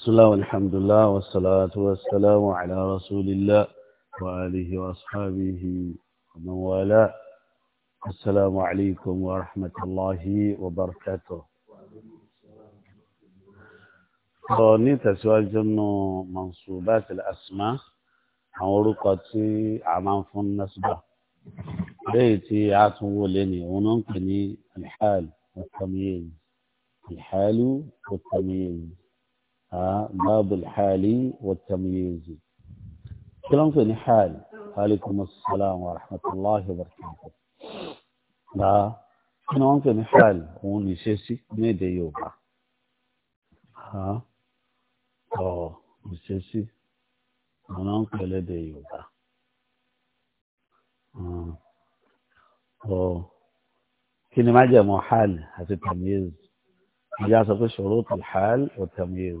بسم الله والحمد لله والصلاة والسلام على رسول الله وآله وأصحابه ومن والاه السلام عليكم ورحمة الله وبركاته فأني تسوال جنو منصوبات الأسماء حورقة عمان فن نسبة بيتي عطو لني وننقني الحال والتمييز الحال والتمييز باب الحالي والتمييز كلام في يعني حال عليكم السلام ورحمة الله وبركاته لا كلام في يعني حال هون يسيسي ميدي يوبا ها أو يسيسي أنا في ميدي يوبا أو كلمة جمع حال التمييز جاء شروط الحال والتمييز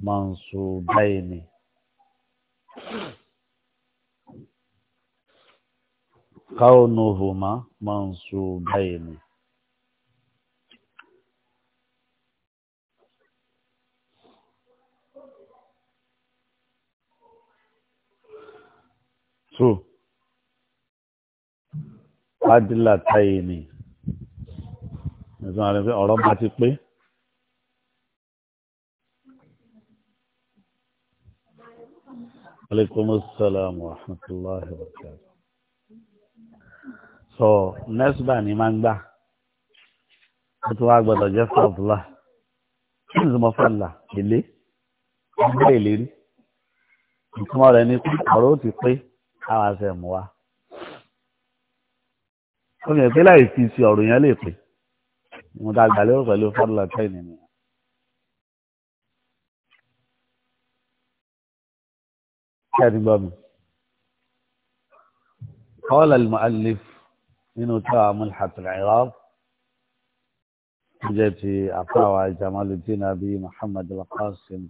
منصوبين كونهما منصوبين تو عدلتين مثلا أربعة بيه Alaikum assalam wa rahmatullahi wa barakatuh. So, Nesba ni máa ń gbà. Ó tún wá gbọ́dọ̀ jẹ́ Fáfúlà. Kí ni mo fẹ́ là? Èlé. Wọ́n gbé ìlérí. Ìtumọ̀ rẹ̀ ni pé ọ̀rọ̀ ó ti pé àwọn àṣẹ mú wa. Ó yẹ pé láì fi sí ọ̀rọ̀ yẹn lè pè. Mo dàgbà lérò pẹ̀lú Fáfúlà tẹ́yìn nìyẹn. كذبا قال المؤلف من تاع ملحة العراق جاءت أقاوى جمال الدين أبي محمد القاسم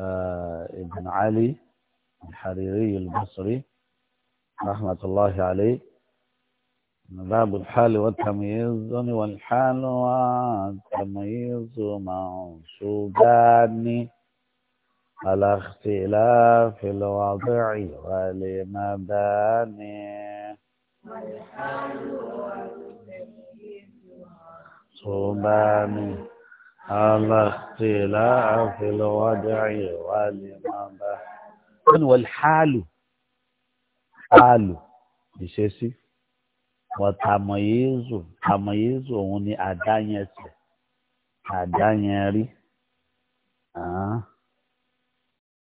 آه، ابن علي الحريري البصري رحمة الله عليه باب الحال والتمييز والحال والتمييز منصوبان على اختلاف الوضع والمباني صوباني على اختلاف الوضع والمباني والحال حال ìṣesí wọ̀tàmọ̀yézù tàmọ̀yézù òun ni àdáyẹnsẹ̀ àdáyẹnrí.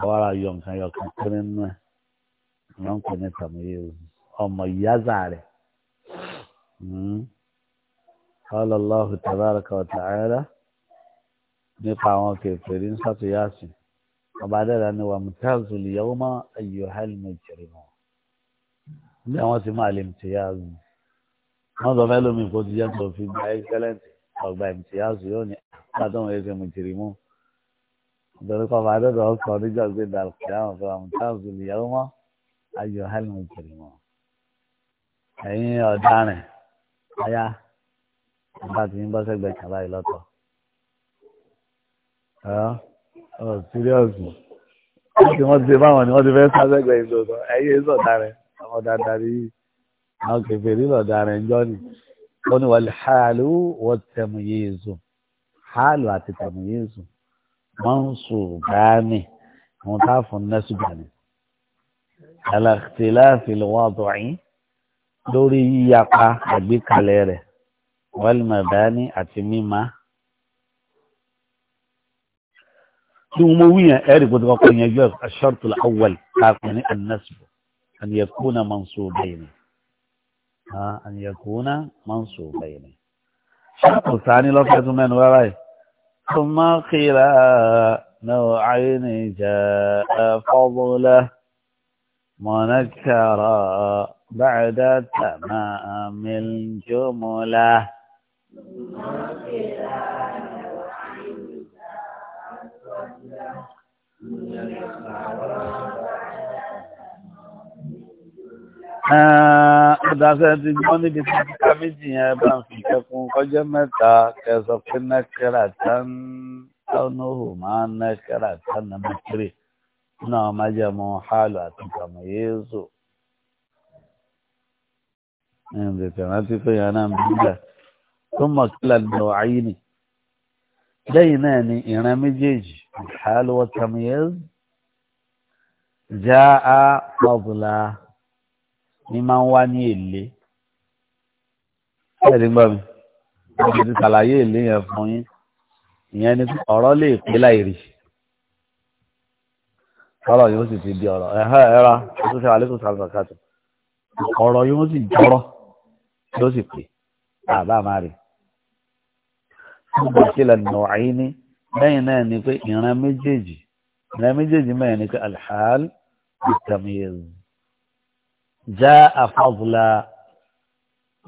àwárà yọ nǹkan yọ kan tó nínú ẹ̀ wọ́n ń pè ní tàmíyé ọmọ ìyáza rẹ̀ ọlọ́lọ́hù hmm. tàbáraka ọ̀tàárá nípa àwọn kẹfẹ́rí ń sàtúnyàsì ọba adẹ́rẹ́ ni wà mùtáàzù lìyàwó mọ́ ayọ̀hálìmọ̀ ìjẹ̀rìmọ̀ bí àwọn sì máa lè mùtíyàzù wọ́n sọ fẹ́ lómi kó ti jẹ́ tó fi gba ẹ́sẹ́lẹ́ǹtì ọgbà mùtíyàzù yóò ní àtàwọn ẹ̀sẹ̀ mùjẹ̀rìmọ̀ nítorí kọ́ máa dọ́dọ̀ ọkọ̀ níjọ́ gbé dàrúkẹ́ àwọn fún àwọn táàbù ìyàwó mọ́ ayọ̀ hẹ́lìmù jìrì mọ́. ẹ̀yin ọ̀daràn aya bàbá ti ń bọ́ sẹ́gbẹ̀ẹ́ kàlá yìí lọ́tọ̀. ọ̀ síríọ̀sì láti wọ́n ti báwọn ni wọ́n ti fẹ́ sá sẹ́gbẹ̀ẹ́ ìdòdò ẹ̀yin sọ̀daràn àwọn dandan rí àwọn kẹfẹ́rí lọ̀daràn jọ́ ni wọ́n ni wọ́n lè hàlù wọ́n tẹ̀mù yéé zùn hàlù àti tẹ̀mù yéé zùn. منصوبان مضاف نسبان على اختلاف الوضع لوري يقع بكاليره والمباني أتميمة لأموية أعرف وتوقع يجوز الشرط الأول يعني النسب أن يكون منصوبين أن يكون منصوبين الشرط الثاني لو كنت من ورائه ثم قيل نوعين جاء فضله منكرا بعد تمام الجملة Thank you. Eh, Ọ̀dàṣẹ́ ti gbọ́ níbi tí kíkà méjì yẹn bá ń fi kẹkùn kọjọ́ mẹ́ta kẹsọ pé nẹ́kẹ́rà tán táwọnóhù máa ń nẹ́kẹ́rà tán nàmẹ́kẹ́rì náà má jẹ́ mọ́ hálù àti kàmù yéésù. Ẹ̀ǹdẹ̀ tẹ̀rántí pé yẹn náà ń bílẹ̀ tó mọ̀ kílà ní ọ̀áyí ni. Lẹ́yìn náà ni ìran méjèèjì hálù wọ́n kàmù yéésù. Já a ní máa ń wá ní èlé ẹ̀rí gbọ́ mi mo ti ṣàlàyé èlé yẹn fún yín ìyẹn ni ọ̀rọ̀ lè pé láìrí ọ̀rọ̀ yóò sì ti di ọ̀rọ̀ ẹ̀hẹ́ ẹ̀ra tó ṣe àlékún sàlùfàkàtù ọ̀rọ̀ yóò sì jọrọ̀ yóò sì pè àbá máa rí gbogbo ìṣẹ̀lẹ̀ nọ̀ọ́yí ní lẹ́yìn náà ni pé ìran méjèèjì ìran méjèèjì mẹ́rin ni pé alhal ìtàmìyẹ̀zù já àfàbùlà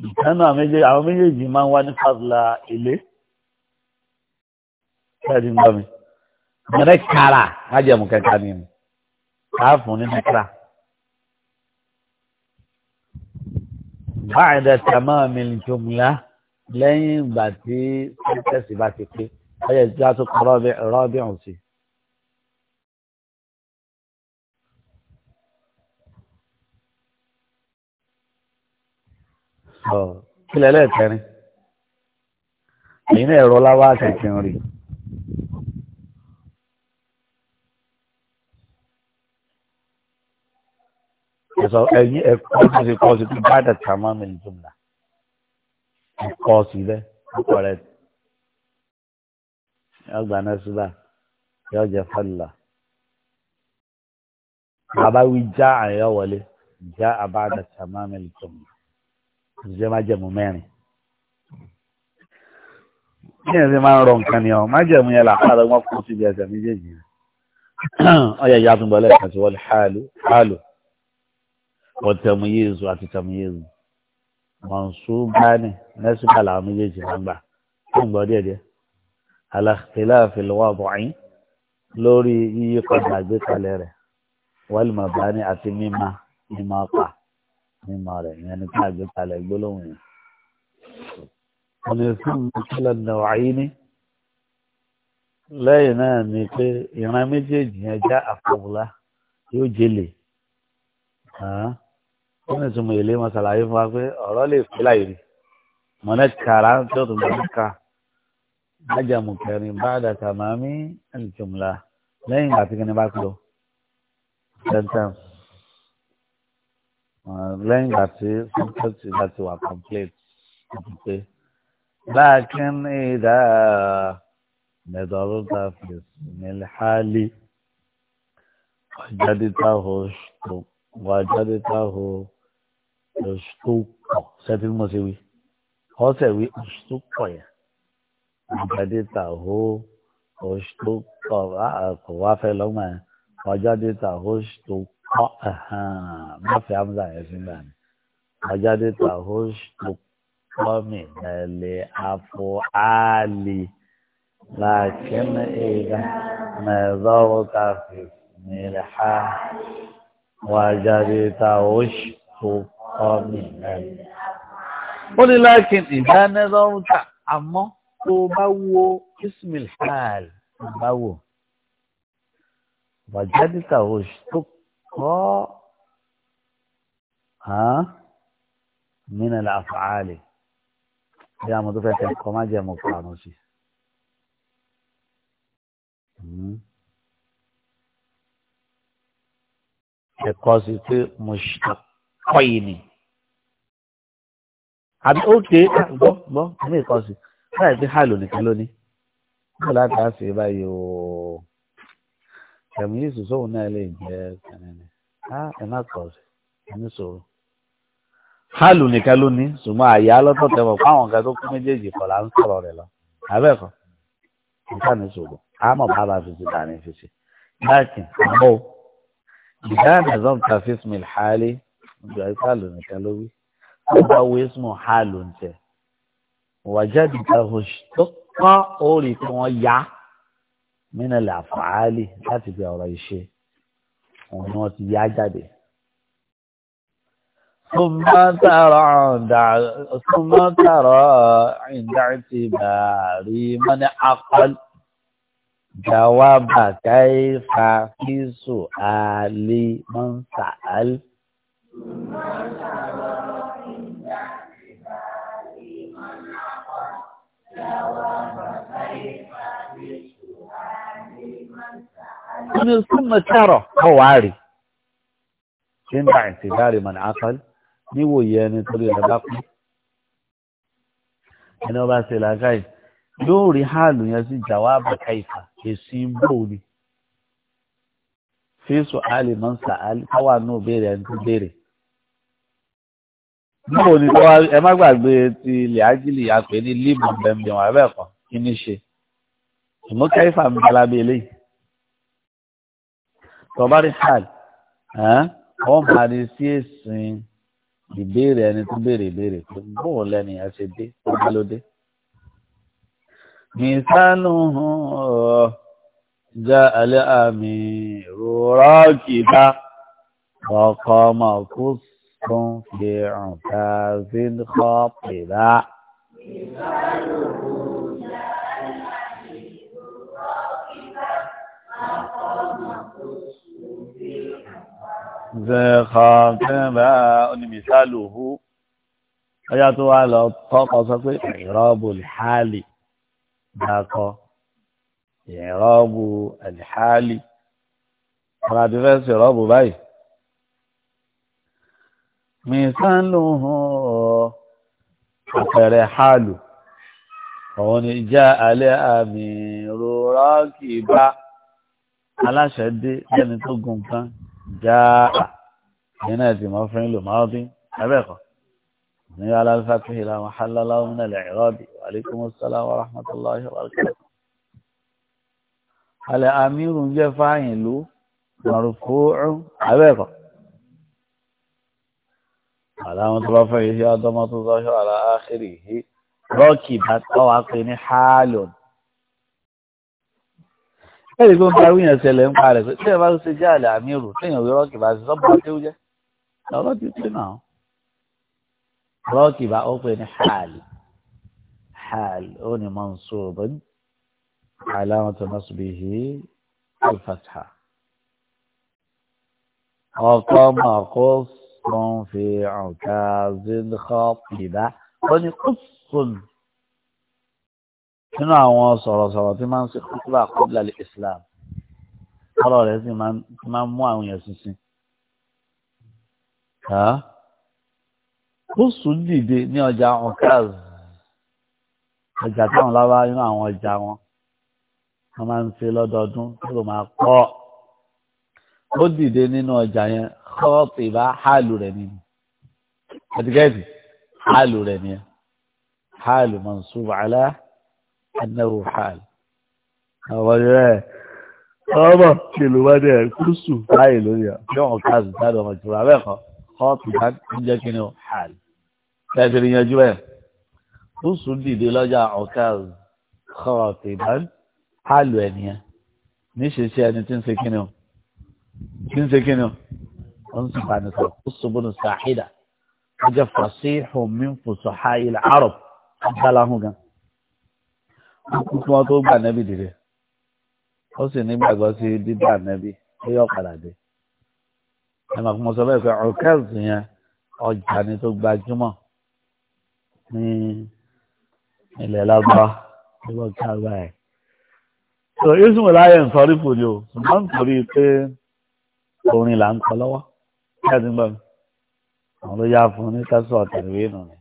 ìkànnì àwọn méjèèjì máa ń wá ní fàbùlà ilé kẹ́rin gbọ́ mi mẹ́rẹ́ kára májẹ̀mú kẹta ni mi káàfù ní mẹ́kàrà. báyìí tàmá mi jùmùlá lẹ́yìn ìgbà tí sẹ́ńtẹ̀sì bá ti pé ọ̀yẹ̀ tí a kọ́ rọ́bì ọ̀hún kílẹ̀ lẹ́ẹ̀kẹrin èyí náà ẹ̀rọ láwá àtẹ̀kìn rí ẹ̀sọ́ ẹ̀yìn ẹ̀kọ́ tó ṣe kọ́ sí tó bá dàtà máa mi jùmọ̀lá ẹ̀kọ́ sí bẹ́ẹ̀ ọkọ̀ rẹ̀ yọ gbà náà síbà yọ jẹ fọlá bàbá wí já àyẹ̀wò já àbá dàtà máa mi jùmọ̀lá òṣìṣẹ́ májẹ̀mú mẹ́rin bí ẹ̀ ṣe máa ń rọ nǹkan ni ọ májẹ̀mú yẹn làpáàdé wọn kún síbi ẹsẹ̀ méjèèjì ọyẹ ìyá tó ń bọ̀ lẹ́ẹ̀kan sí wọlé hálù hálù ọ̀tẹ̀mú yéèzù àti tẹ̀mú yéèzù mọ̀nsúbáni nẹ́sìkà làwọn méjèèjì máa ń gbà tó ń gbọ́ díẹ̀ díẹ̀ àlàkìlá àfẹlẹ́wà bọ̀ọ̀yìn lórí yíyí padà àgbékalẹ̀ rẹ̀ wọ́n lè máa bá àti mímá mímá pa mímọ rẹ̀ ìyẹn ni ká àgbékalẹ̀ gbólóhùn yẹn. ọ̀nà ìsìn ìpínlẹ̀ nàwáyé ní lẹ́yìn náà ni pé ìran méjèèjì yẹn já àfọwùlá yóò jèlè wọ́n ní túmọ̀ èlé wọn ṣàlàyé fún wa pé ọ̀rọ̀ lè fi láì rí mọ̀nẹ́kàrà tí ó tún bá ń májàmú kẹrin bá dàtà màmí ẹ̀lìtùmùlà lẹ́yìn àti kìnnìbá kúlọ̀ sentence. Uh, lẹ́yìn ìgbà tí sọ́kẹ́tì bá ti wà complete àti pé láàkín ìdá mẹ́tọ́rọ́tà fìsìmìlìhálì wàjádítàhó wàjádítàhó ṣòṣùkọ̀ ṣẹ́tí mo ṣe wí ọ̀sẹ̀ wí ṣòṣùkọ̀ yẹn wàjádítàhó ṣòṣùkọ̀ ah, wá fẹ́ lọ́gbà yẹn wàjádítàhó ṣòṣùkọ̀ má fi amúdà yẹn sí náà ni ọjọ́dé tahosh tó kọ́mì mẹ́lẹ̀ afọ áàlì làákín ìgbà mẹ́lọ́wọ́ káfí mẹ́lẹ̀ha wàjáde tahosh tó kọ́mì mẹ́lẹ̀. ó ní láàkín ìdánilọ́rùn ta àmọ́ tó bá wo ismail hall bá wò wàjáde tahosh tó kọ́ hàn mínà làfààlì bí a mọ̀ tó fẹ́ fẹ́ kọ́ má jẹ́ mọ̀ pààrọ̀ sí. Ẹ̀kọ́ sí pé mo ṣàkọ́ yìí ni. Àbí ó ké gbọ́ gbọ́ ní ìkọ́sí. Báyìí pé hàlò nìkan lónìí. Bọ́lá ta ṣe báyìí ooo tẹ̀mílísì sóhun náà lè jẹ́ kànínní á ẹ má kọ̀ sí ẹni sọ̀rọ̀ hálù nìkan ló ní ṣùgbọ́n àyà lọ́tọ̀ tẹ̀wọ̀ fáwọn nǹkan tó kún méjèèjì kọ̀ là ń sọ̀rọ̀ rẹ̀ lọ abẹ́ẹ̀kọ́ nǹkan ní sọ̀rọ̀ àmọ́ bàbá fèsì tàní fèsì láàkì àmọ́ ìdá nàzọ́m ta físmìl hálì ìgbà hálù nìkan ló wí ó bá wí sùn hálù ń tẹ̀ wàjáde ta hòṣì tó kán mina lè àfààlì láti fi ọ̀rọ̀ ìṣe òun ni wọ́n ti yá jáde. Súnmọ́ tààrọ̀ ìdá ti bàárí mọ́ni akọ́l. Jawaba kaifa fi su'ali ní súnmọ̀ tẹ́rọ̀ kọ́ wàá rí ṣé ń bá ìtìdáre mọ̀ ní akọ́l níwòye ẹni torí rẹ̀ bá kú ẹni ọba ṣe làákàyè yóò rí hàlù yẹn sí jàwáàbà káìfà èsì ń bò ní fíṣù àlè mọ́ sàálì káwà náà béèrè ẹni tó béèrè báwo ni tó wá ẹ má gbàgbé ti ilẹ̀ ájílì àpè ní líbù bẹ̀m̀bẹ̀ wọn abẹ́ẹ̀kọ́ kí ní ṣe ìmú káìfà ń bala bí eléyìí tọ́ba rí hàl wọ́n máa rí sí èsìn ìbéèrè ẹni tó béèrè ìbéèrè pé bóò lẹ́nu yẹn ṣe dé ọba ló dé. mìsánù já alẹ́ àmì rọ̀rọ̀ kìta ọkọ̀ mọ̀kúsù tún fi fi ń kọ́ pèlá. mìsánù. zẹ̀kọ̀ọ̀kẹ́rẹ́ onímísàlùhù ọyá tó wà lọ kọ́kọ́ sọ pé ìrọ́bù lìhálì dákọ́ ìrọ́bù lìhálì ọ̀rọ̀ àti fẹ́ sí ìrọ́bù báyìí. mísàlùhù àpẹẹrẹ hálù òun ni já alẹ́ àmì rọ́ọ̀kì bá aláṣẹ dé lẹ́ni tó gùn kan. جاء هنا جمع مفعول ماضي أبقى نبي على الفتح لا محل له من الإعراب وعليكم السلام ورحمة الله وبركاته هل أمير جفاعل مرفوع أبقى علامة رفعه عظمة الظاهر على آخره ركبت أو عقين حال ẹ̀rí pé ń parí yẹn ṣẹlẹ̀ ń parẹ̀ pé tí ẹ bá ṣe jẹ́ àlẹ́ àmì rò téèyàn wí rọ́ọ̀kì bá ṣe sọ́bù akéwú jẹ́ ọ̀rọ̀ ti pé náà rọ́ọ̀kì bá ó pè ní hàlì hàlì ó ní mansubun alamatu nasbihi al-fatha ọkọ mọ̀kó sọ̀nfẹ̀ ọ̀kà zidkọ́ pìbá ó ní kùsùn. nínú àwọn sọ̀rọ̀sọ̀rọ̀ tí máa ń ṣe kúkúrà kúbla lè islam ọ̀rọ̀ rẹ̀ sì máa ń mú àwọn èèyàn sísìn. ó sùn dìde ní ọjà ọ̀kaz ọjà táwọn lábá nínú àwọn ọjà wọn wọ́n máa ń ṣe lọ́dọọdún tó ló máa pọ̀ ó dìde nínú ọjà yẹn kọ́ọ̀tì bá hàlù rẹ̀ nínú ẹ̀dígẹ́dì hàlù rẹ̀ nìyẹn hàlù mọ̀nsúbù أنه حال أما أما كلمة كرسو فايل يا شو كاز هذا ما ترى بقى خاطب كنو حال تدري يا جوا كرسو دي دي لجا عكاز خاطبا حال وينيا نيش الشيء ẹni يعني تنسي كنو تنسي كنو o عن ń كرسو kíni ساحدة ó فصيح من فصحاء العرب kúsùbùnú لهم kí wọ́n tó gbà nẹ́bì dìde ó sì nígbàgbọ́ sí dídá nẹ́bì ó yọ padà dé ẹ máa kó mo sọ bẹ́ẹ̀ pé ọ̀kẹ́ẹ̀sì yẹn ọjà ni tó gbajúmọ̀ ní ilẹ̀ lágbá nígbà tí a gbà ẹ̀. sọ yéṣu láyé nsọ́rí fòdì o ṣùgbọ́n nítorí pé orin là ń kọ lọ́wọ́ kí ẹ ti gbọ́ àwọn ló yá fún ní kásán ọ̀tẹ̀wé nù ní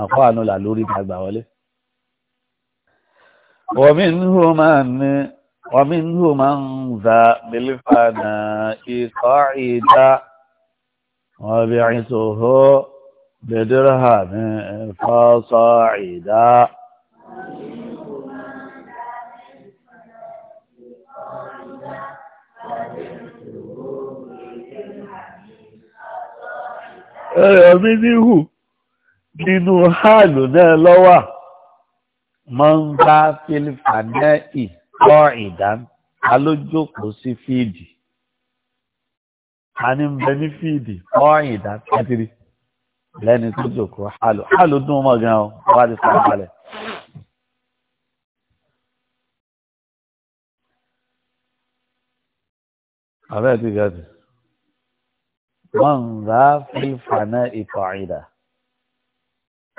àkọ́ àánú là lórí ìgbàgbà wọlé. oihu maụzapịlịpana ịkoịda ọbịaite hụ deịrohaaefekọida ee ominihu dịnhagụ na-elọwa mọ́ńbá fílfànẹ́ì kọ́ ìdán alójókòó sí fíìdì a ní bẹ ní fíìdì kọ́ ìdán kẹtìrì lẹ́ni tó jòkó hálò hálò dùn mọ́ gan ọ́ wá ti fara balẹ̀. abẹ́ ti gàdì mọ́ńbá fílfànẹ́ì kọ́ ìdán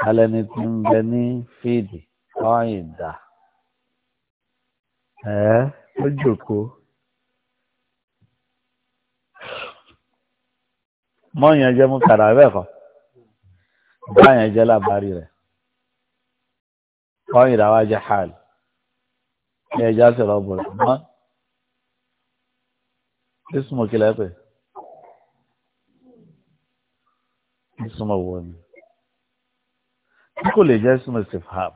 alẹ́ni tí ń bẹ ní fíìdì ọ̀yìndà ẹ̀ ó jòkóó mọ́yàn jẹ́ mú tàdà bẹ́ẹ̀ kọ́ báyàn jẹ́ lábárí rẹ̀ ọ̀yìndà wá jẹ́ hàlì ní ẹja sì rọ́bù rẹ̀ mọ́ ismu kílẹ̀ pé ismu wo ni kò lè jẹ́ ismu istifham.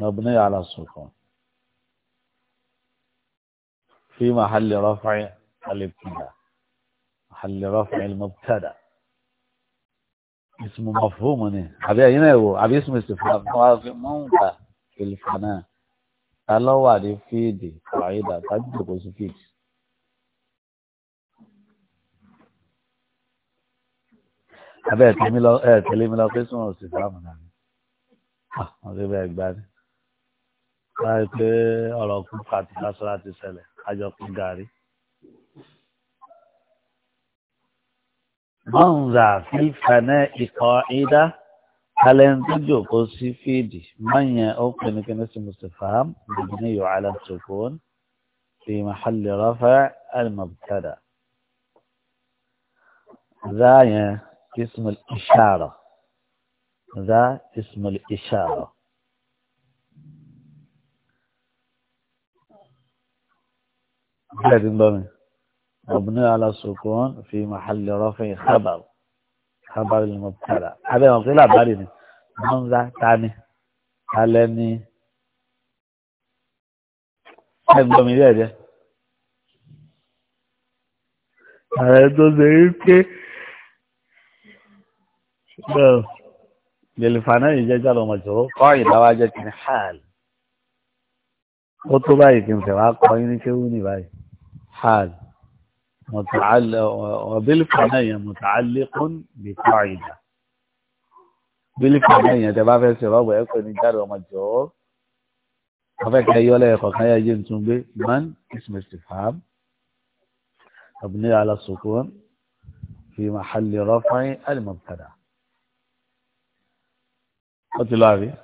مبنية على السكون في محل رفع الابتداء محل رفع المبتدا اسم مفهوم عبي هنا هو عبي اسم استفهام منفى في الفناء الله وعد في دي قاعدة تجد وسفيك عبي تلمي لو تلمي لو اسم استفهام اه ما بعد láì pé ọ̀rọ̀ púpà ti lásán láti ṣẹlẹ̀ àjọ kú gàrí. mọ́ǹzà fi fẹ̀nẹ́ ikọ̀ ìdá talẹ́ńtì jòkó sí fídì mọ́yẹn ó pinnu kíní sí mustapha bìbí yóò alẹ́ sọ̀kún fi mahalli rọ́fẹ́ alimọ̀bùkádà. ذا اسم الإشارة ذا اسم الإشارة bẹ́ẹ̀ ti ń bọ́ mi ọ̀bùnú alásùkún fi màhálì rọ́fìn kábàrù kábàrù ni mo padà abẹ́ wọn pé làbárì ni wọ́n ń ra tani alẹ́ ní ẹ̀ ń bọ́ mi rí ẹ̀jẹ̀. ààrẹ tó ṣe ń ké lèlìfànà ìjẹjẹ lọmọ jòwó kọ ìdáwà jẹ kí n hàl ó tó báyìí kí n fẹ́ wá kọ yín ní kéwú ní báyìí. حال متعلق وبالفنية متعلق بقاعدة بالفنية تبع في السباب ويكون الجار ومجهور وفاك أيها ولا يقول خيا جنتم به من اسم استفهام مبني على السكون في محل رفع المبتدا قلت له هذه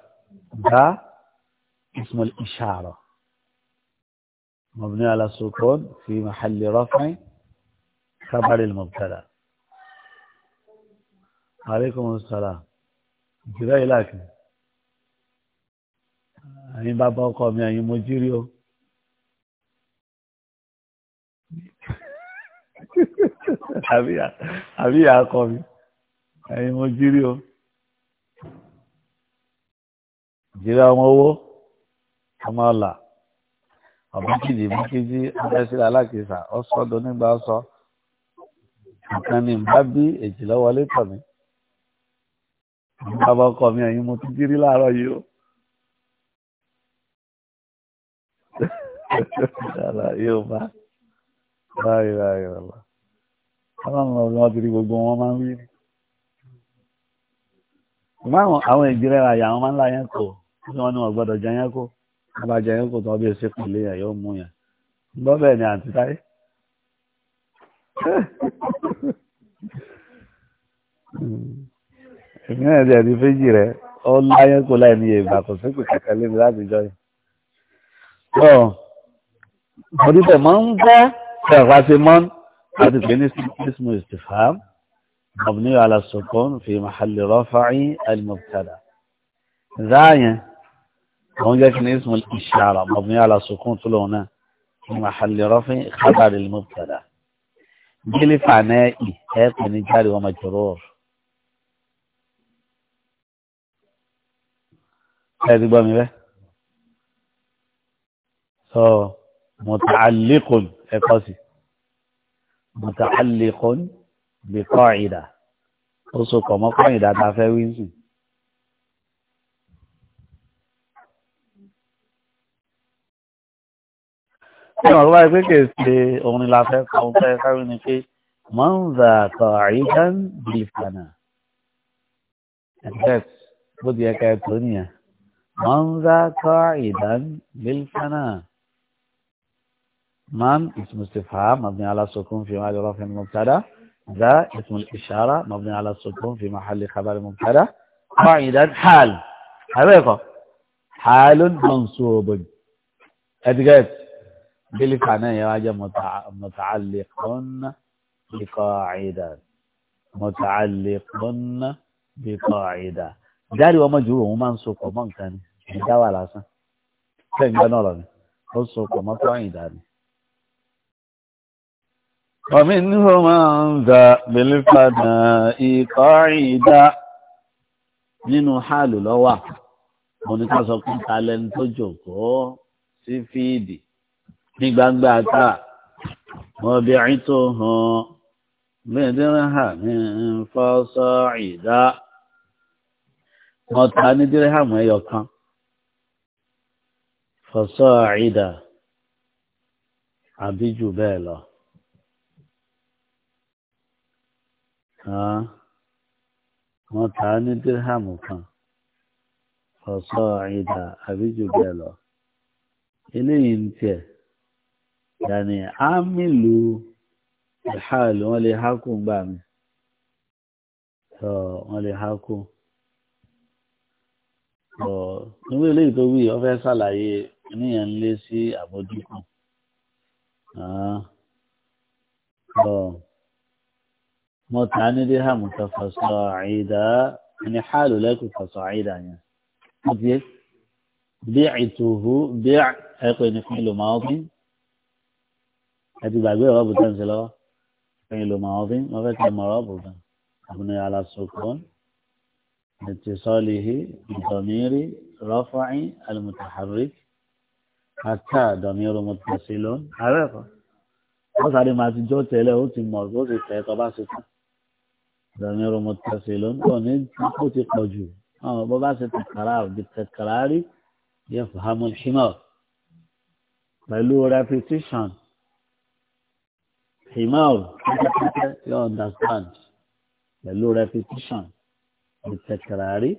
ذا اسم الإشارة مبني على السكون في محل رفع خبر المبتدا عليكم السلام كده لكن ẹ̀yin bàbá ọkọ mi ẹ̀yin mo jírí o àbí ìyá ọkọ mi ẹ̀yin mo jírí o jírí ọmọ owó ọmọ ọlà ọ̀bùkìdì bùkìdì ọ̀bẹ́sílẹ̀ alákìsà ọ̀sọ́ donígbà ọ̀sọ́ nǹkan ni bá bí èjìlá wọlé tọ̀ mí bàbá ọkọ mi ẹ̀yin mo ti jírí láàárọ̀ yìí o yóò bá báyìí báyìí ọ̀la ọlọ́run ọ̀gbìn ọ̀tí gbogbo wọn máa ń wí ni ṣùgbọ́n àwọn ìjìnlẹ̀ àyà wọn máa ń la yẹn kó wọ́n ní wọn gbọ́dọ̀ jẹ yẹn kó abajẹ yẹn kò tọ́ bí ẹsẹ̀ kò lé yẹn yóò mú yẹn gbọ́ bẹ́ẹ̀ ni àǹtí táyé èmi náà ti ẹni fèjì rẹ ọ láyé kó láì ní ìgbà kò sí pé lébi láti jọ yìí ọ ọdítẹ máa ń bọ ẹ̀fà ti mọ́ láti pè ní ismu istifham mabni ala sukun fi mahalli rafa'i al àwọn jẹ́ kí ní ismul ishara mabni ala sukun tó lòun náà ní mahalli rafin khabar al mubtada gili fana'i ẹ pè ní jari wa majrur ẹ ti gbọ́ mi bẹ́ẹ̀ so muta'alliqun ẹ kọ́ sí muta'alliqun bi qa'ida ó so kọ̀ mọ́ qa'ida tá a fẹ́ wí sí. ní ọ̀rọ̀ báyìí pé kèé ṣe òun ni la fẹ́ kọ́ òun fẹ́ káwé ni pé máa ń zà kọ́ àyíkán bíi fànà ẹ̀fẹ́t bó ti yẹ ká ẹ tó nìyẹn máa ń zà kọ́ àyíkán bíi fànà man ismu istifham mabni ala sukun fi mahalli rafin mubtada za ismu ishara mabni ala sukun fi mahalli khabar mubtada qa'idan hal abeko halun mansubun adgat bílíkà náà yẹn wá jẹ́ mọ̀tàálẹ̀kùn bíkọ́ àìdá mọ̀tàálẹ̀kùn bíkọ́ àìdá jáde wọn mọ̀jú òun máa ń so pọ̀ mọ́ nǹkan ni ìdá wà lásán fẹ́ǹgbẹ́ náà lọ ni ó so pọ̀ mọ́ tọ́ àìdá ni. ومنه من ذا بالفناء قاعدة nínú حال لو wà mo ní ká sọ pé ta lẹni tó jókòó sí fíìdì ní gbangba ta wọ́n bí i tó hàn mẹ́ẹ̀dẹ́rẹ́ hà ní fọ́sọ́ ìdá wọ́n ta ní dírẹ́hàmù ẹyọ kan fọ́sọ́ ìdá àbí jù bẹ́ẹ̀ lọ. wọ́n ta ní dírẹ́hàmù kan fọ́sọ́ ìdá àbí jù bẹ́ẹ̀ lọ. eléyìí ń tiẹ̀ yàní ámìlú ìhàlù wọn lè hákùn gbà mí wọn lè hákùn níwé eléyìí tó wí ọfẹ ṣàlàyé níyàn ń lé sí àbójúkù mo tà ní díhàmù tó fọṣọ àìdá ní hàlù lẹkùn fọṣọ àìdá yẹn mo ti bí ìtòhú bí ẹpẹ ní fún máa ń pín ẹ ti gbàgbé rọ́ọ̀bù tẹ̀ ń ṣe lọ́wọ́ ẹ̀yin ló mọ̀ ọ́ fi wọ́n fẹ́ kẹ́ mọ̀ rọ́ọ̀bù gan àbùnú alasokun ètò sọ́ọ̀lìhì ìdọ̀mírí rọ́fàáyín alimutaharik ata dọ̀mírí mutasilon ààrẹ kan wọ́n sáré máa ti jọ́ tẹ́lẹ̀ ó ti mọ̀ ó ti tẹ̀ tọ́ ṣe tán dọ̀mírí mutasilon kò ní kó ti pọ̀ jù àwọn bó bá ṣe tẹ̀kárá àbí tẹ̀kárá rí yẹ fàámù ṣímọ̀ pẹ̀lú repetition himau pẹpẹpẹpẹ yóò understand pẹ̀lú repetition ìtẹkẹrari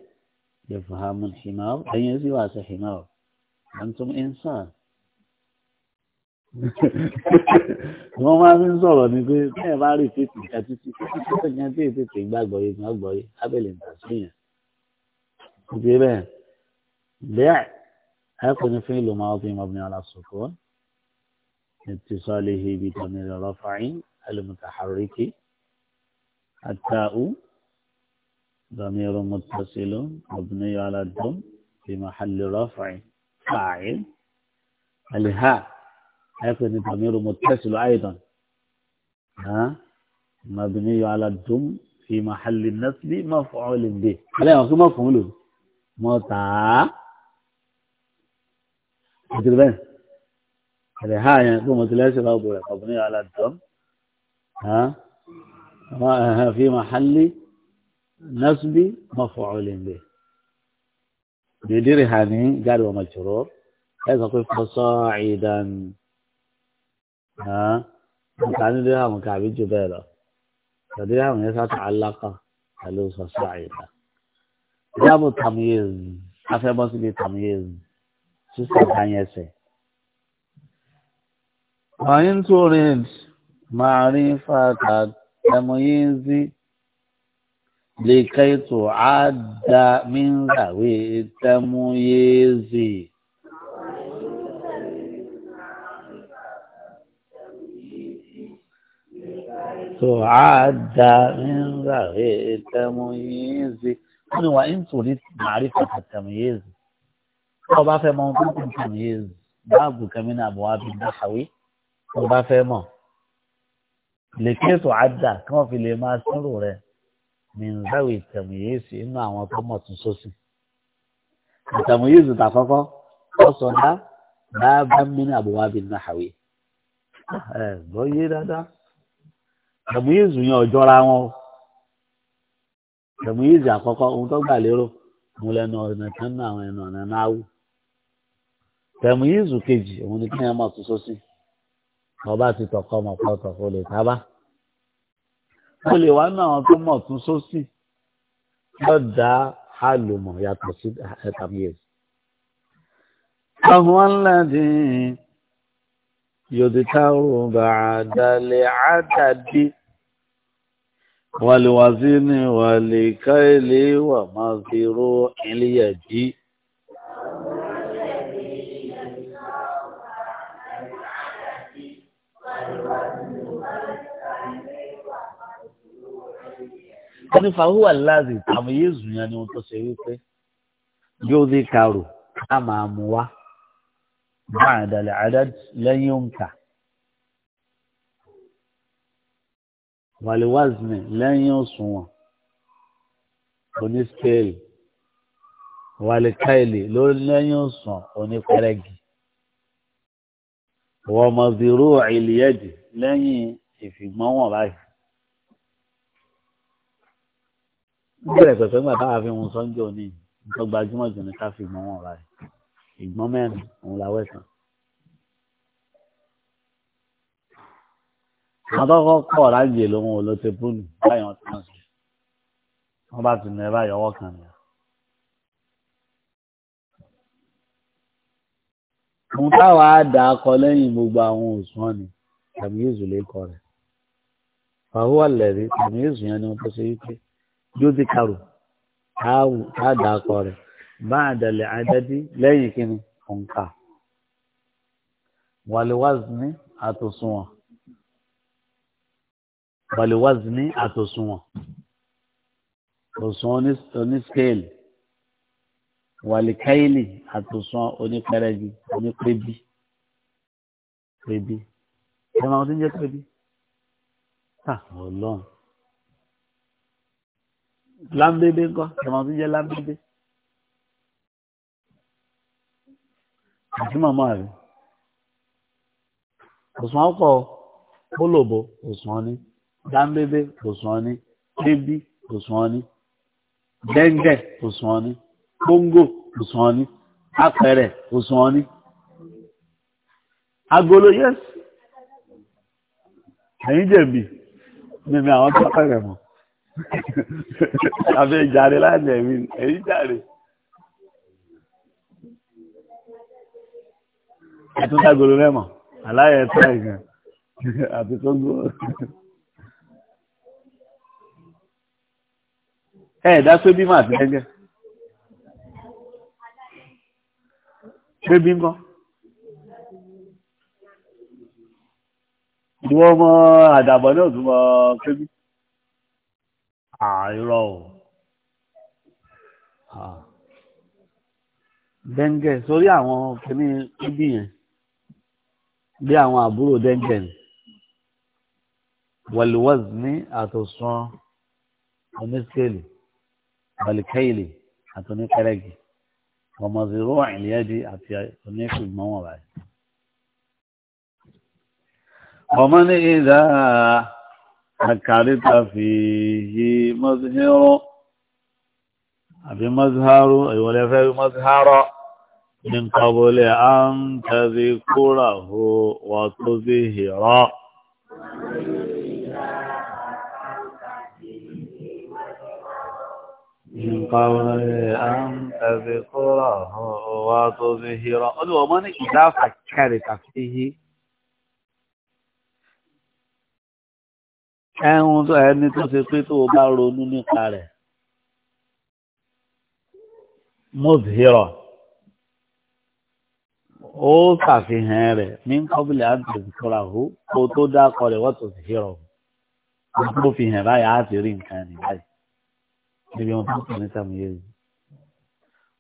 ìfahamu himau ẹyin sì wà sí himau antum insan wọ́n máa ń sọ̀rọ̀ ni pé bẹ́ẹ̀ bá rí títì àti títì títì yẹn tí èyí tètè gbàgbọ́ yìí kan abẹ́lẹ̀ nǹkan sí bẹ́ẹ̀ ẹ kò ní fún ìlú máa fi mọ̀ ní aláṣọkọ́ اتصاله بضمير رفع المتحرك التاء ضمير متصل مبني على الضم في محل رفع فاعل الهاء هيكون ضمير متصل أيضا ها مبني على الضم في محل النصب مفعول به لا مفعول متى تدري هذا ها يعني يكون متلازمة أبوية مبنية على الدم ها ها في محل نصب مفعول به بيديري هاني قال وما الشرور حيث قف صاعدا ها مكان لها مكعب جبالة فديها من يسعى تعلقة حلوصة صاعدا جابوا التمييز أفهم بس بتمييز شو سبحان يسي وإن تريد معرفة التمييز لكي تعد من ذوي التمييز تعد من ذوي التمييز أنا وإن تريد معرفة التمييز أو بعرف ما التمييز باب كمان أبواب النحوي tó bá fẹ́ mọ̀ lè kéètò àdá kí wọ́n fi lè máa sọ̀rọ̀ rẹ̀ mìíràn ìtẹ̀mù yìí sí inú àwọn tó mọ̀ tún sósì ìtẹ̀mù yìí sì tàkọ́kọ́ ó sọ dá bá mi ní àbúwá bíi nàhàwé ẹ gbọ́ yé dáadáa ìtẹ̀mù yìí sì yan ọjọ́ra wọn o ìtẹ̀mù yìí sì àkọ́kọ́ ohun tó gbà lérò mo lẹnu ọ̀nà kan náà àwọn ẹnu ọ̀nà náà wù ìtẹ̀mù yìí sì kejì òun ni kí wọ́n máa tún sósì ọba ti tọkọ ọmọ pọ tọkọ lè tábà ó lè wá náà tó mọ̀ tún sósì yóò dá àlùmọ̀ yàtọ̀ sí ẹ̀tàmíyèsí. ọ̀hún ńláńdín yòdìtàrú bàdàlẹ̀ àdàdì wàlíwàsí ni wàlíkàìlì wàmásírò ìlíyàjì. wọ́n ní fàáhùwà láàzì àmì yéésù yẹn ni wọ́n tó ṣe wípé yóò dé karù á máa mú wá máa dàlẹ̀ àdá lẹ́yìn òǹkà wàlíwázìmì lẹ́yìn òṣùwọ̀n onískéèlì wàlíkáìlì ló lẹ́yìn òṣùwọ̀n onípẹ́rẹ́gì wọ́n mọ̀ zero ìlìyẹ́dì lẹ́yìn ìfìgbọ́n báyìí. bẹ̀rẹ̀ pẹ̀pẹ́ ńgbà táwa fi hun sọ́njọ́ ní nǹkan gbajúmọ̀ jù ní ká fi ìgbọ́n wọn ra ìgbọ́n mẹ́rin òun la wẹ̀sán. àwọn tó kọ́ kọ́ ọ̀rájì lóhun ò ló ti búlù báyọ̀ tí wọ́n ṣe wọ́n bá ti nà ẹ́ báyọ̀ ọwọ́ kan nìyà. òun táwa á dà á lẹ́yìn gbogbo àwọn òṣùwọ̀n ni tàbí èzù lè kọ rẹ̀ fàhùwà lẹ̀rí tàbí èzù yẹn ni wọ́n tó ṣe wípé jóde karù á dà akọ rẹ̀ bá àdàlẹ̀ àdádí lẹ́yìn kíni òǹkà wàlíwázni àtòsùnwọ̀n wàlíwázni àtòsùnwọ̀n òsùn onískéèlì wàlíkáìlì àtòsùn onípẹrẹgì onípẹbí pẹbí ẹ máa ń tún jẹ pẹbí ta Ọlọ́run lámbébé ńkọ́ ẹ̀mọ́ tó jẹ́ lámbébé àti màmá rẹ̀ òsùn ọkọ̀ pólòbó òsùn ọní lámbébé òsùn ọní níbí òsùn ọní dẹ́ńgẹ̀ òsùn ọní kóńgò òsùn ọní apẹ̀rẹ̀ òsùn ọní agolo yẹ́sì ẹ̀yìn jẹ̀bi mímí àwọn tó pẹ̀rẹ̀ mọ́ àbẹ ìjàre láàjẹ mi èyí jàre. ẹtún dágolo mẹ́mọ̀ aláyẹ ẹ̀tọ́ ẹ̀gàn àti kóńgó. ẹ ẹ̀dá pé bímọ àti ẹgẹ pé bímọ. ìwọ ọmọ àdàbọ̀ náà tún mọ pé àìrọ̀ o dẹ́ńgẹ̀ sórí àwọn kìíní ibi yẹn bí àwọn àbúrò dẹ́ńgẹ̀ ni wàlúwàz ní àtòsán oníṣẹ́lì balikẹ́lì àtòníkẹ́rẹ́gì ọmọdéró àìlẹ́dì àti oníṣùgbọ́n wọn báyìí. ọmọ ní ìdá. ذكرت فيه مظهر أبي مظهر أي ولا في مظهر من قبل أن تذكره وتظهر من قبل أن تذكره وتظهر أدوى من إذا فكرت فيه ẹ̀hún ẹni tó ṣe pé tó o bá ronú nípa rẹ̀ mọ́bìrọ̀ ó ṣàfihàn rẹ̀ ní kọ́bílẹ̀ àtẹ̀síkọ́ra hó kó tó dákọ̀ rẹ̀ wọ́n tó sì hírọ̀ ó tó fi hàn báyìí á ti rí nǹkan ní báyìí níbi wọn tó kàn ní sàmúyé rẹ̀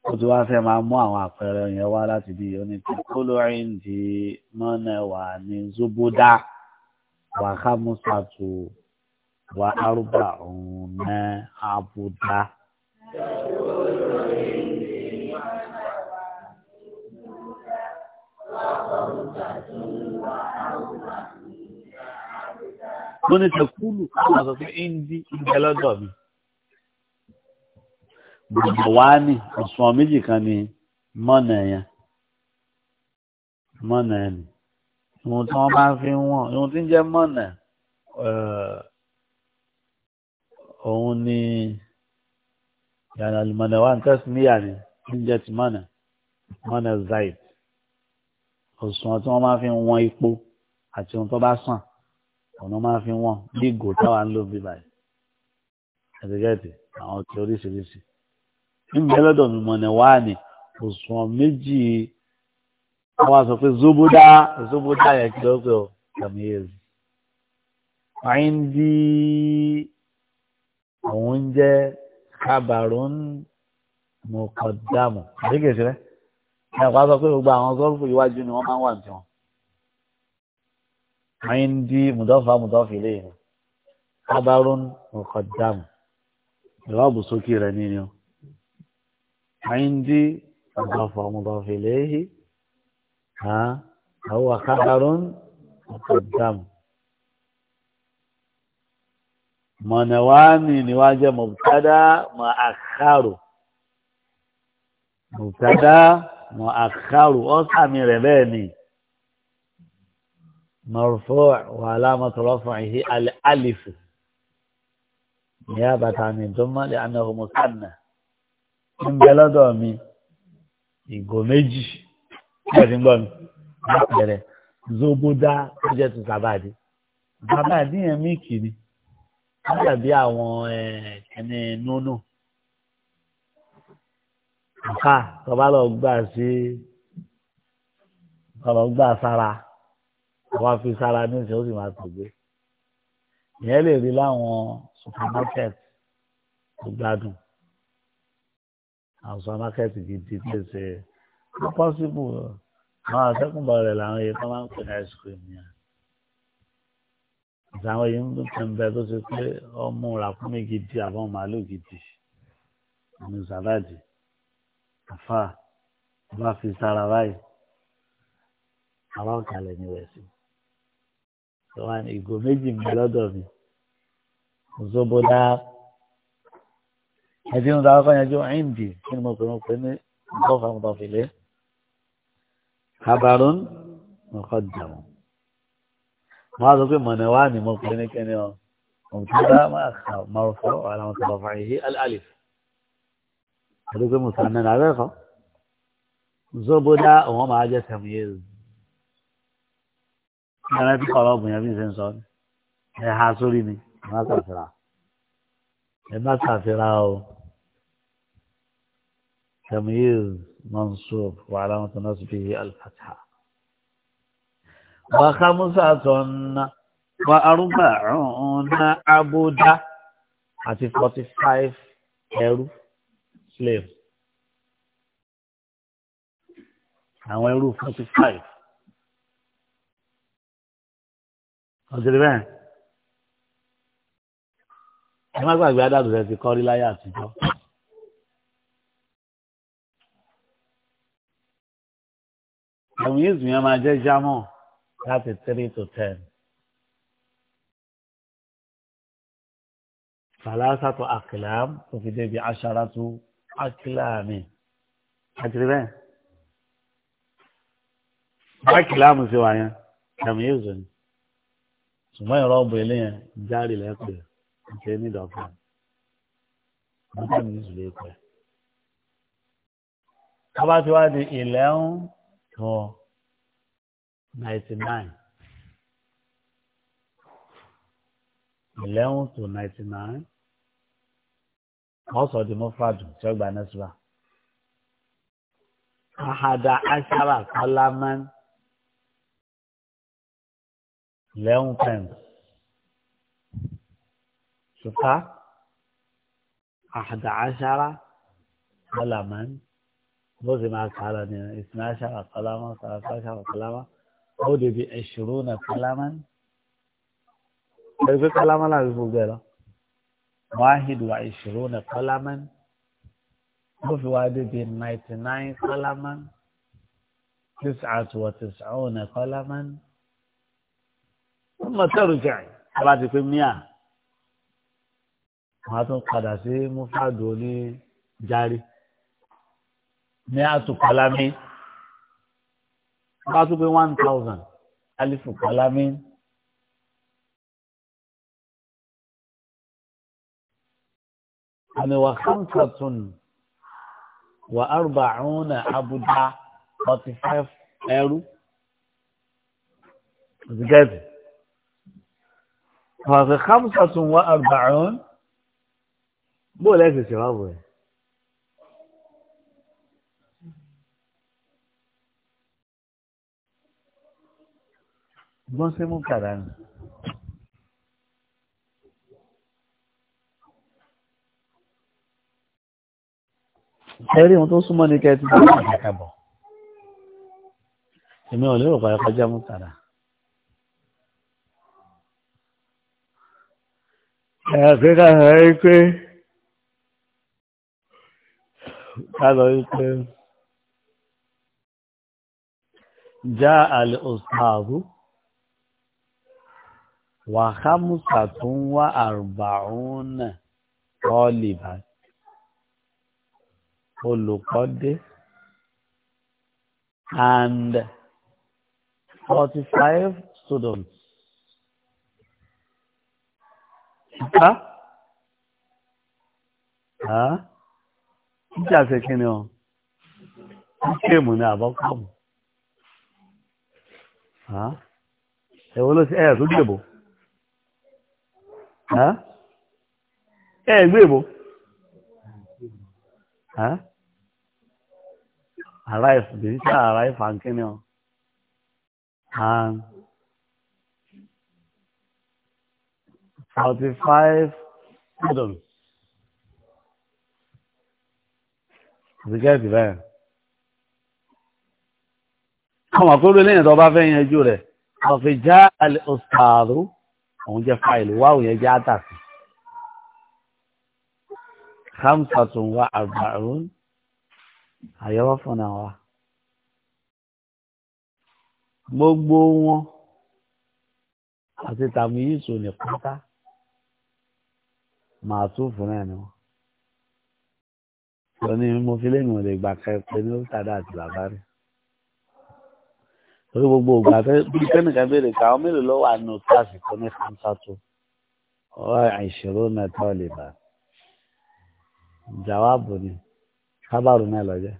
ó ti wá fẹ́ máa mú àwọn àpẹẹrẹ yẹn wá láti bí ó ní tí kólórin di mọ́nà wà ní zúbúdá wà wà arúgbà òun náà àbúdá. mo ní tẹkúlù káwọn sọ pé indi ìgbẹ lọ́dọ̀ mi gbogbo wa ní òṣùwọ̀n méjì kan ní mọ́nà yẹn mọ́nà yẹn ni ohun tí wọ́n bá fi ń wọ̀n ohun tí ń jẹ́ mọ́nà ẹ̀ẹ́ òun ni yàrá mọ̀nà wa nǹkan sí níyà ni oúnjẹ ti mọ̀nà mọ̀nà zaid òṣùwọ̀n tí wọ́n máa fi wọ́n epo àti ohun tó bá sàn ọ̀nà máa fi wọ́n bí ìgò táwa ń lò bí báyìí ẹ̀dẹ̀gẹ́tì àwọn ọ̀tí oríṣiríṣi níbi ẹlẹ́dọ̀ mi wa ni òṣùwọ̀n méjì àwa sọ pé zoboda zoboda yẹ kí ló pé kàmíyèsí òun jẹ́ kábàrún mọ̀kọ́dàmù àdékèsí rẹ̀ ẹ̀ wá sọ pé gbogbo àwọn sọ́ọ̀fù iwájú ni wọ́n máa ń wà ní tiwọn. àyìn ń di mùdọ́fà mùdọ́fì lẹ́yìn kábàrún mọ̀kọ́dàmù ìwábù sókè rẹ̀ nínú o. ń di mùdọ́fà mùdọ́fì lẹ́yìn àwọn kábàrún mọ̀kọ́dàmù. mọ̀nàwámì ni wọ́n á jẹ́ mọ̀bùtádá mọ̀ àkàrò mọ̀bùtádá mọ̀ àkàrò ọ́sàmì rẹ̀ bẹ́ẹ̀ ni mọ̀rọ̀fọ́ wàhálà mọ̀tọ́lọ́fọ̀ ìhí alìfù ní abàtà ni dọ́mọ́ lè àná ọmọ kànnà ń bẹ lọ́dọ̀ mi ìgò méjì ẹ̀sìn gbọ́ mi láti bẹ̀rẹ̀ zoboda ó jẹ́ ti sàbàdì sàbàdì yẹn mí wọ́n dàbí àwọn ẹni nùnù àká tọ́ba lọ gbà sí ọ̀rọ̀ gbà sára àwa fi sára ní ìṣe ó sì máa tògbé ìyẹn lè rí láwọn supermarket tó gbádùn àwọn supermarket gidi pèsè ó pọ́sibù àwọn àtẹ́kùnbọ̀ rẹ̀ làwọn èèyàn kan máa ń pè ní ice cream yẹn àtàwọn yìí ń tẹ̀m̀bẹ̀ tó ṣe pé ọmọ ràkúnmí gidi àbọ̀ màálùú gidi àmì sàláàdì àfà bá fi sára báyìí àwọn kalẹ̀ ní rẹ̀ sí. Ìwà ni ìgò méjì mi lọ́dọ̀ mi. Òṣobola ẹbí ń ta ọkọ yanjú ẹ̀ǹdì kí ni mo pè mo pè ní nǹkan fàmùtàn fìlẹ́. Àbàrún nǹkan dàrún. ما تقول منواني مرقينك أنا ومتبع ما أخر ما رفعه على ما ترفعه الألف هذا يقول مصنن على خا زبودا وما جاء سميز أنا في قلب يا بني سنسان هاسوليني ما تفعل ما تفعل سميز منصوب وعلامة نصبه الفتحة wàhámúsàtọ̀ nà wà arúgbà ọ̀nà abúdá àti forty five ẹrú slave àwọn ẹrú forty five ọ̀sẹ̀ bẹ́ẹ̀ ẹ má gbàgbé adáàdùn rẹ ti kọ́ rí láyé àtijọ́. àwọn yéésù yẹn máa jẹ́ jámọ́ láti three to ten. Fàlásàtò àkìlám tó fi débi aṣáratu àkìlámì. Àjẹrí bẹ́ẹ̀. Àkìlámù sí wa yẹn, ẹ̀mí yóò zọ ni. Ṣùgbọ́n ìrọ̀ ọ̀bọ̀ ilé yẹn járì lẹ́pẹ̀ ṣe ní ìdọ̀fà. Bàbá mi ní ìṣúlẹ̀ pẹ̀. Tábà tí wá di ìlẹ́hùn tó ninety nine eleven to ninety nine ọsọ di mufradu tí ó gba nẹsùlá ahada ashara kalaman eleven pence ṣùkà ahada ashara kalaman bó ti máa kà á lọ nìyẹn ìsinmi ashara kalaman sàràkà ó lè bi ẹ̀ṣòro nà kálámà ní. ẹ gbé kálámà náà fi gbogbo ẹ lọ. wahid wa ẹ̀ṣòro nà kálámà ní. ó fi wá dé bi ninety nine kálámà ní. tis'atu wa tis'una kálámà ní. ọmọ tẹrù jẹ ọba ti pé mia wọn á tún padà sí mufadu oní jari ní àtùkálámì bá tún pé one thousand alifu kalami. àmì wà khamsatun wà arba'una abuda forty five ẹrú. Zigadi. Wà khamsatun wà arba'un. Bó lẹ́sìn ṣe wá bọ̀ yẹn. gbọ́n sí mú kàrà nù. ẹ̀rí ohun tó súnmọ́ ní kẹ́ ti dé àkàkàbọ̀ èmi ò lérò pàrọ̀ kọjá mú kàrà. ẹ̀ẹ́dẹ́gbẹ́ká sọ wípé ká lọ wípé. جاء الأصحاب wàhámùsà tó ń wá àrùbàrúnà tọ́lìbà olùkọ́dé and forty five students. Huh? Huh? Títí àti kíni o? Kíkéèmù ni àbọ̀kọ̀mù. Ẹ̀wọ́n ah, ló ṣe ẹ̀yà dìbò ẹ gbé ìbò arrive bí n ṣe arrive and ọ and forty five seconds ìdíkẹ́ẹ̀tì bẹ́ẹ̀ ọmọ kúrò lẹ́yìn tó bá fẹ́ yanjú rẹ̀ ọ̀fìjà àlè ọ̀sàrù òun jẹ́ fáìlì wáwù yẹn jẹ́ àtàkì hamsatun wa arba'un àyẹ̀wò fúnra wa gbogbo wọn àti tàmí yìí sùn ní pátá màá tún fúnra ẹni wọn lọ ní mo fi lẹ́nu ọ̀lẹ́gbà kẹpẹ ní ó sàdá àti bàbá rẹ̀ torí gbogbo ògbà bíi kẹ́nìkan béèrè ká àwọn mélòó lọ́wọ́ àánú kíláàsì kan ní kánṣáàtò àìṣòro náà tá ò lè bá jàwáàbù ni kábàrù náà lọ́jọ́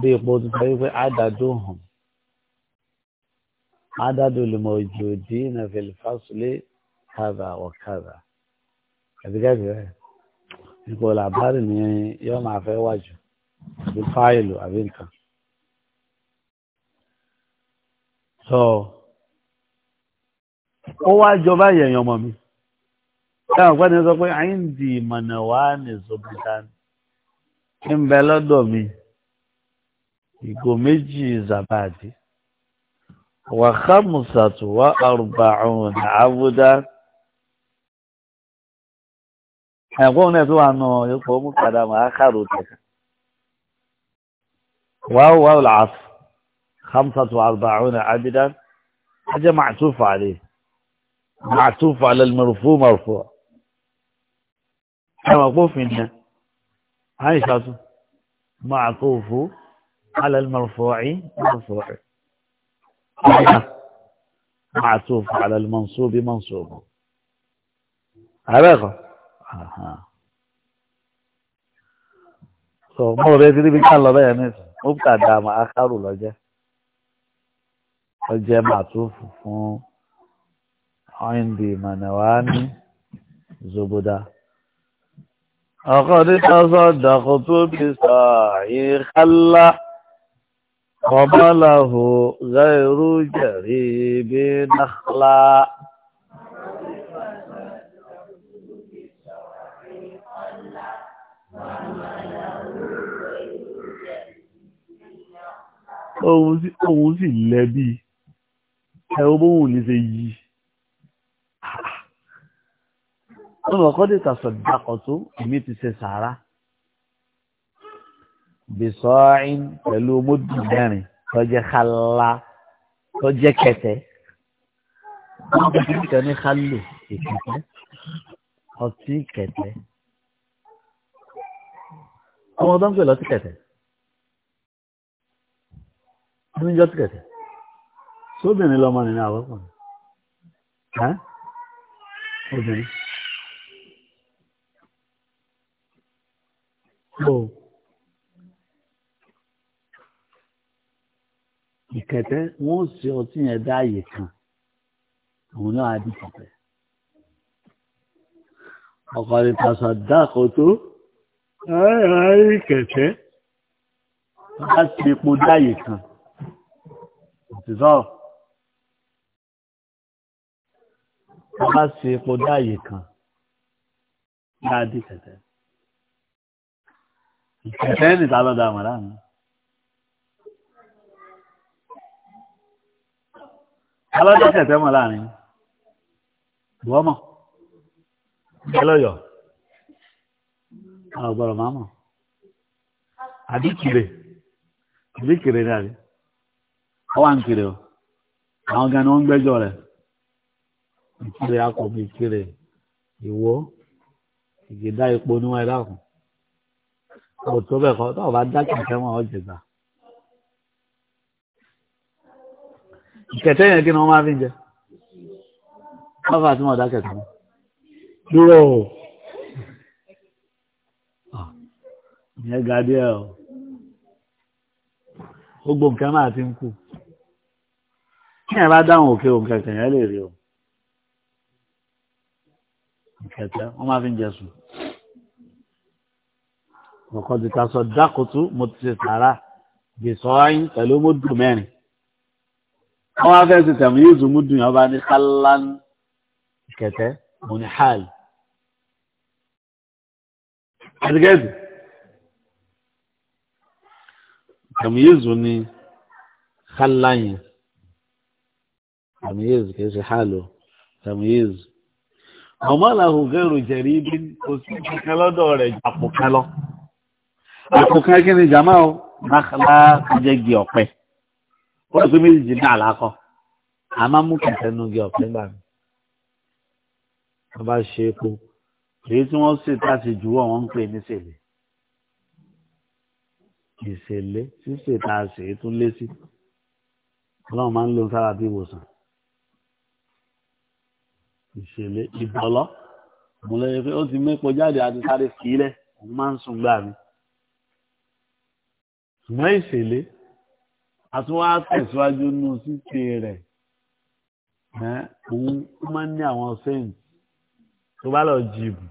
bí ipò tuntun wípé àdádó hàn àdádó lùmọ̀ òjò dí na fèlifásùlé kàdà ọ̀kadà kàdíkàdì rẹ̀ ipò làbárì ni yóò máa fẹ́ wájú àbí fáìlù àbí nǹkan. sọ ó wá jọba yẹ̀yàn ọmọ mi táwọn ọ̀gbẹ́ni sọ pé àyín di ìmọ̀nà wá ní zobita ń bẹ lọ́dọ̀ mi ìgò méjì zabadi wà kámùsàtù wà àrùbàrùn àbúdá ẹ̀gbọ́n náà tó wà nù ipò mú padà mà á kàrò tẹ̀ka wàá wàá làásù. خمسة وأربعون عبدا حاجة معتوف عليه معتوف على المرفوع مرفوع موقوف منها شاطو معطوف على المرفوع مرفوع معطوف على المنصوب منصوب هذا اها so mo re ti الله kan lo be ni o ka ojẹ́ jẹ́ màtúfù fún mànàwá ní zoboda. ní tọ́sọ̀ sọ́dọ̀kọ̀ tó bí sọ ìkálá kọ̀mọ́láhù gáìrú jẹ̀rí bí náà òun sì lẹ́bí ẹ o bó wù ní ṣe yí wọ́n mọ̀ kọ́dé tàṣọ dàkọ̀tó èmi ti ṣe sàárà bìsọ́ọ̀ín pẹ̀lú mọ́dù mẹ́rin tọ́jẹ́ kálá tọ́jẹ́ kẹtẹ́ ọ̀gbìn kan ní kálò ìkẹtẹ́ ọtí kẹtẹ́ ọmọ ọdọ́ ń kẹtẹ́ ọdún ìjọ́ tí kẹtẹ́ sóbìnrin lọ́mọ nínú kan? ẹ́ obìnrin ó ìkẹtẹ wọn ó ṣe ọtí yẹn dá àyè kan òun náà á di kẹtẹ ọkọ ní tàṣà dáàkó tó ẹ kẹtẹ wọn á ti epo dá àyè kan òtítọ́. wọ́n bá ṣe epo dáàyè kan dáadé kẹ̀tẹ́. Kẹ̀tẹ́ ní ta lọ́dọ̀ àmàlà mi. Alọ́dọ̀ kẹ̀tẹ́ mọ̀ láàrin. Ìwọ́ mọ̀. Ẹ lọ́yọ̀. Àwọn ọ̀gbọ̀rọ̀ máa mọ̀. Àdíkìrè. Àdíkìrè ni Ọwọ́ à ń Àwọn gan ń gbẹ́jọ́ rẹ̀ ìkirè akọ̀bí ìkirè ìwó ìgèdá epo níwọ̀n ẹ̀dá kù ọ̀ tó bẹ́ẹ̀ kọ́ tó o bá dá kẹ̀kẹ́ wọn ọ̀ jẹ̀gbà. kẹ̀kẹ́ yẹn kí ni wọ́n máa fi ń jẹ wọ́n fà tí wọ́n dá kẹ̀kẹ́ wọn. dúró o ìyẹn ga díẹ̀ o gbogbo nǹkan máa ti ń kù kí ẹ bá dáhùn òkè òǹkẹ̀kẹ̀ yẹn lè rí o kẹ̀kẹ́ wọ́n máa fi ń jẹ̀sùn. ọ̀kan ti ta sọ dákòtú mo ti ṣe sàrà gbèsò ayín pẹ̀lú módù mẹ́rin. wọ́n máa fẹ́ ṣe tẹ̀mú yóò tún módù yẹn ọba ní kálán kẹ̀kẹ́ mo ní hàl. àdìgẹ́dì tẹ̀mú yóò tún ní kálán yẹn tẹ̀mú yóò tún kì hàl o tẹ̀mú yóò tún ọmọ làwọn ògẹrù jẹrí bí kò sí kankan lọ́dọ̀ rẹ̀ àpò lọ àpò kí ni jàmá o náà jẹ gi ọ̀pẹ ó lè pé méjì ní àlàkọ a máa mú kẹsẹ nu gi ọ̀pẹ gbà mí wọn bá ṣe epo èyí tí wọn sì tàṣì jù wọn wọn ń pè ní sèlè ìsèlè sísè tàṣì tún lé sí Ọlọ́run máa ń lo sára bí ìwòsàn ìṣẹ̀lẹ̀ ìbọ̀lọ́ mo lẹ́yìn pé ó ti mépo jáde àti sáré sílẹ̀ òun máa ń sùn gbà mí. ṣùgbọ́n ìṣẹ̀lẹ̀ àtúwá tẹ̀síwájú nù síse rẹ̀ òun máa ń ní àwọn saint tó bá lọ jìbù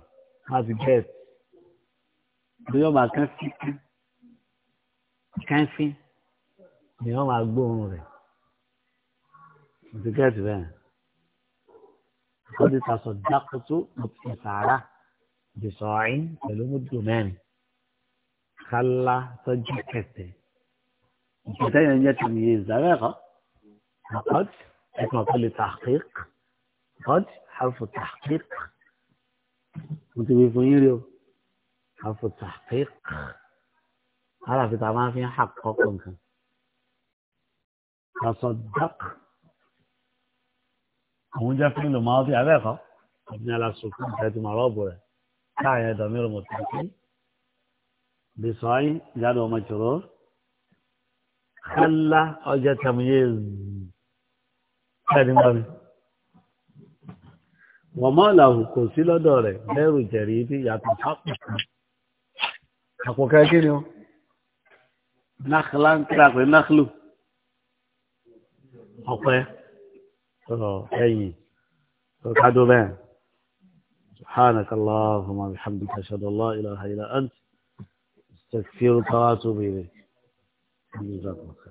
láti get lóyún ọmọ akẹ́fín kẹ́fín ni wọ́n máa gbóhùn rẹ̀ àti get bẹ́ẹ̀. قد تصدقت متسعرة بصاع تلوم الدمان خلى تجي كتة كتة يعني تمييز دقيقة قد اسم كل تحقيق قد حرف التحقيق كنت بيفوني حرف التحقيق عرفت عمال فيها حق حقوق تصدق òun jẹ́ fún ìlú máa fi abẹ́ẹ̀kọ́ ọ̀bí alásùkún ìtẹ́tù máa rọ́ọ̀bù rẹ̀ káàyàn ìdọ̀míràn mọ̀tàkì bìsọ́yìn jáde ọmọ ìṣòro kálá ọjọ́ tẹ̀múyé kẹ́ẹ̀dín bọ́mi. wọ́n mọ́ làwù kò sí lọ́dọ̀ rẹ̀ lẹ́rù jẹ̀rí bí yàtọ̀ sápò àpò kẹ́kẹ́ ni ó náxlá ń kíra pé náxlù ọ̀pẹ́. أي وقعدوا بين سبحانك اللهم وبحمدك أشهد أن لا إله إلا أنت استغفرك وأتوب إليك جزاك الله خير